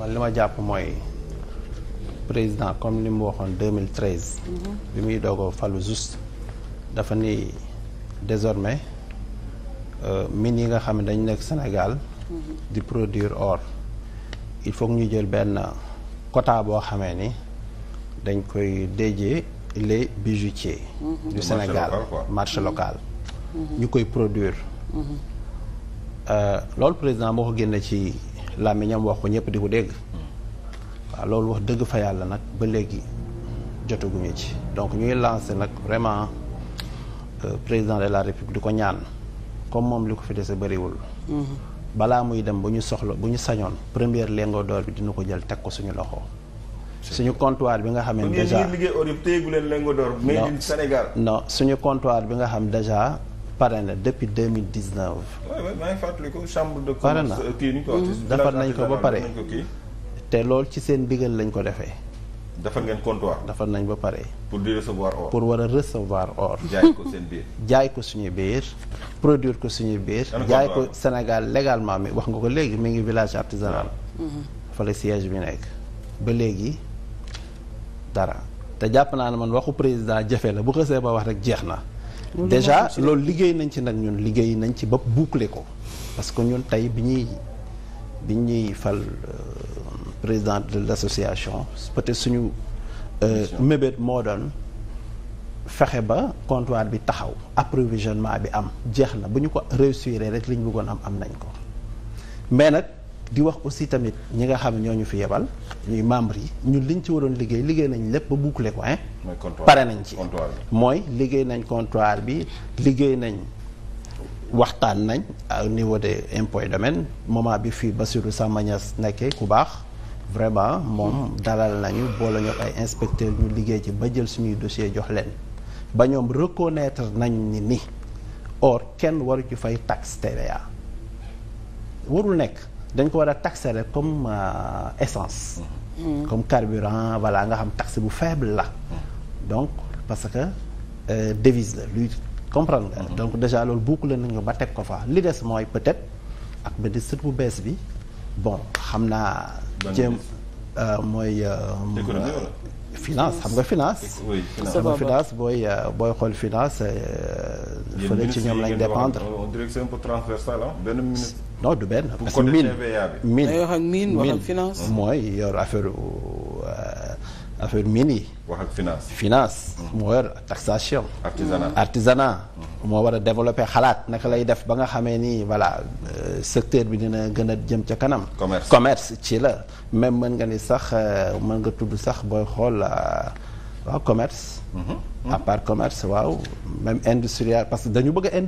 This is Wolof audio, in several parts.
man li ma jàpp mooy président comme li mu waxoon 2013. Mhm. bi muy doog falu juste dafa ni désormais euh, mines yi nga xam ne dañu nekk Sénégal. Mhm. di produire or. il faut ñu jël benn quota boo xamee ni dañ koy déjee les bijoutiers. Mhm. du Sénégal marché locale ñu koy produire. Euh, loolu président moo ko génne ci. làmmiñam wax ko ñëpp di ko dégg waaw loolu wax dëgg fa yàlla nag ba léegi jotaguñu ci donc ñuy lancé nag vraiment euh, président de la république du ko ñaan comme moom li ko fi dese bëriwul mm-hmm. balaa muy dem bu ñu soxla bu ñu sañoon première lingot d'or bi dina ko jël teg ko suñu loxo suñu comptoir bi nga xam déjà parrainé depuis deux mille dix neuf. waaw waaw ko chambre de commerce euh, kii ni ko defar nañ ko ba pare. te loolu ci seen digal lañ ko defee. defar ngeen comptoir. defar nañ ba pare. pour di recevoir pour war a recevoir or. jaay ko biir. jaay ko suñu biir. produire ko suñu biir. jaay ko Sénégal légalement mi wax nga ko léegi mi ngi village artisanal. Mhm. fa la siège bi nekk. ba léegi dara. te jàpp naa ne man waxu président jëfe la bu xësee ba wax rek jeex na. déjà loolu liggéey nañ ci nag ñun liggéey nañ ci ba boucler ko parce que ñun tey bi ñuy bi ñuy fal euh, président de l'association peut-être suñu euh, mébét moo doon fexe ba comptoir bi taxaw approvisionnement bi am jeex na bu ñu ko réussir rek li ñu bëggoon am am nañ ko mais nag di wax aussi tamit ñi nga xam ñoo ñu fi yebal ñuy membres yi ñun liñ ci waroon liggéey liggéey nañ lépp ba boucler ko hein pare nañ ci mooy liggéey nañ comptoir bi liggéey nañ waxtaan nañ ak niveau des impôts et domaines moment bi fii Bassirou Samba Niasse nekkee ku baax vraiment moom dalal nañu boole ñu ay inspecteurs ñu liggéey ci ba jël suñuy dossier jox leen ba ñoom reconnaître nañ ni ni or kenn waru ci fay taxe TVA warul nekk dañ ko war a taxer rek comme euh, essence. Mm-hmm. comme carburant voilà nga xam taxe bu faible la. Mm-hmm. donc parce que euh, devise la luy comprendre nga. Mm-hmm. donc déjà loolu boucler nañu ba teg ko fa li des mooy peut-être ak ministre bu bees bi bon xam naa. jéem Euh, mooy. Euh, finance xam nga finance. xam nga finance booy euh, booy xool finance. fële ci ñoom lañ dépendre. direction pour transversale benn ministre. non du benn. parce que mine mooy yor affaire. affaire mine yi. wax ak finance. finance mm-hmm. moo yor taxation. artisanat mm-hmm. Mm-hmm. moo war a développer xalaat naka lay def ba nga xamee nii voilà euh, secteur bi dina gën a jëm ca kanam. commerce commerce ci la même mën nga ni sax euh, mën nga tudd sax booy xool euh, waaw commerce. à part commerce waaw même industriel parce que dañu bëgg a.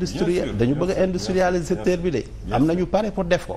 dañu bëgg a industrialiser secteur bi de. am na ñu pare pour def ko.